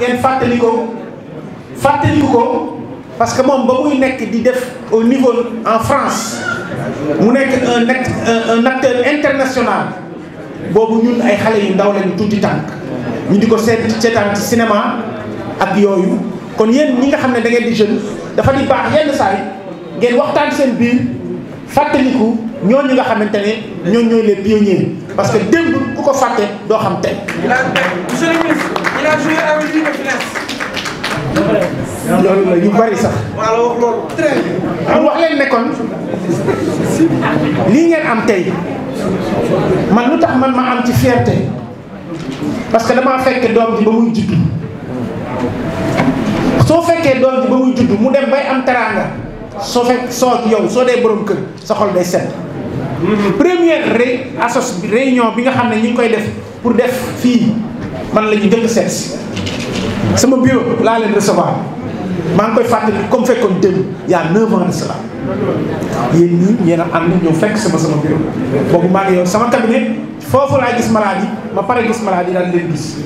ngeen fàttali ko fàttaliku ko parce que moom ba muy nekk di def au niveau en France mu nekk un un acteur international boobu ñun ay xale yu ndaw lañu tuuti tànk ñu di ko seet seetaan ci cinéma ak yooyu kon yéen ñi nga xam ne da ngeen di jeune dafa di baax yenn saa ngeen waxtaan seen biir fàttaliku ñooñu nga xamante ne ñooñu ñooy les pionniers parce que démb ku ko fàtte doo xam tey. a joué loolu la yu bari sax. waaw la wax leen ne lii ngeen am tey man lu tax man ma am ci fierté parce que damaa fekk doom ji ba muy juddu soo fekkee doom ji ba muy juddu mu dem bay am teraanga soo fekk soo yow soo dee boroom kër sa xol day set. Mhm. première ré asos réunion bi nga xam ne ñu ngi koy def pour def fii. man la ñu jëkk seet si sama bureau laa leen recevoir maa ngi koy fàttali comme fekkoon démb y a neuf ans de cela yéen ñii ñeena ànd ñëw fekk sama sama bureau boobu maa ngi yor sama cabinet foofu laa gis maladie ma pare gis maladie daal leen gis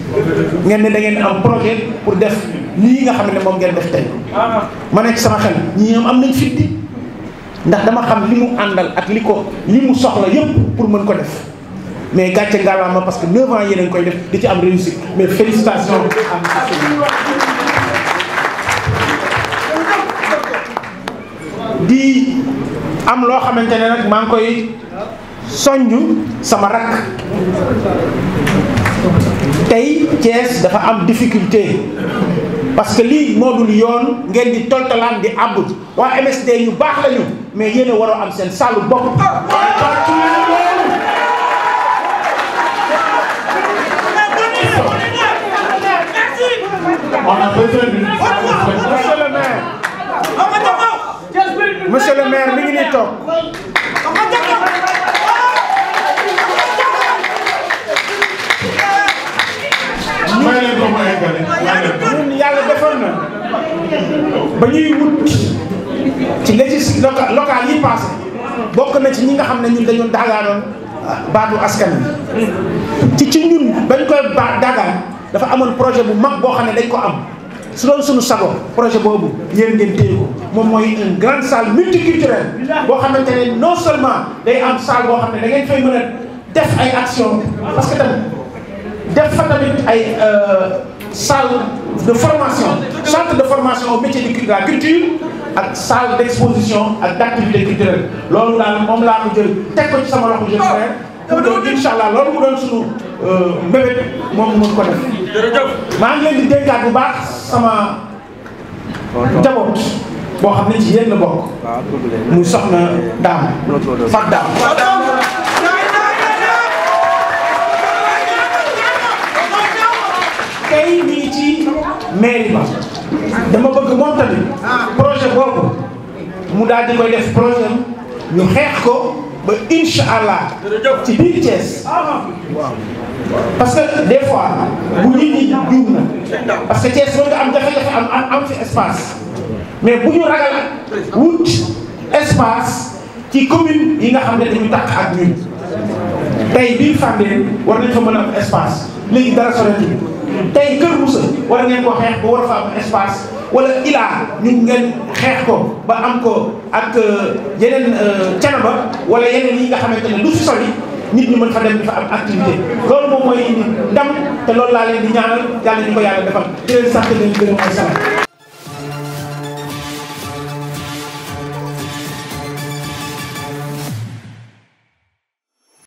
ngeen ne da ngeen am projet pour def lii nga xam ne moom ngeen def tey ma nekk sama xel ñii am am nañ fitti ndax dama xam li mu àndal ak li ko li mu soxla yépp pour mën ko def mais gàcce ngalaama parce que 9 ans yéen a koy def di ci am réussite mais félicitations am di am loo xamante ne nag maa koy soññ sama rakk tey Thiès dafa am difficulté parce que lii moo dul yoon ngeen di toltalaan di àbb waa MSD ñu baax lañu mais yéen a waroo am seen saalu bopp on a besoin d'une monsieur le maire. monsieur le maire mi ngi nii toog. ñun yàlla defar na ba ñuy wut ci légis local yi passé bokk na ci ñi nga xam ne ñun dañu daagaanoon baatu askan wi ci ci ñun bañ koy ba dagaan dafa amoon projet bu mag boo xam ne dañ ko am su doon suñu sago projet boobu yéen ngeen téye ko moom mooy une grande salle multiculturelle boo xamante ne non seulement day am salle boo xam ne da ngeen fay mën def ay action parce que tamit def fa tamit ay euh, salle de formation centre de formation au métier de la culture ak salle d'exposition ak d'activité culturelle loolu daal moom laa ko jël teg ko ci sama loxo jeune frère pour que incha loolu mu doon suñu Euh, mbébét moom mën ko def. jërëjëf maa ngi dénkaat bu baax sama njaboot boo xam ne ci yéen la bokk. muy soxna daam fat daam tey nii ci mairie ba dama bëgg moom tamit projet boobu mu daal di koy def projet ñu xeex ko ba incha ci biir Thiès. Ah. parce que des fois bu nit ñi juum na parce que Thiès mën nga am jafe-jafe am am fi espace mais bu ñu ragal wut espace ci commune yi nga xam ne dañu tàq ak ñun tey biir Fandène war nañ fa mën a am espace léegi dara soreetu tey Kër Moussa war ngeen ko xeex ba war fa am espace wala ilaa ñu ngeen xeex ko ba am ko ak euh, yeneen canaba euh, wala yeneen yi nga xamante ne lu si sori nit ñi mën fa dem di fa am activité loolu moom mooy indi ndam te loolu laa leen di ñaanal yàlla ñu ko yàlla defal di leen sant leen gërëm ay sant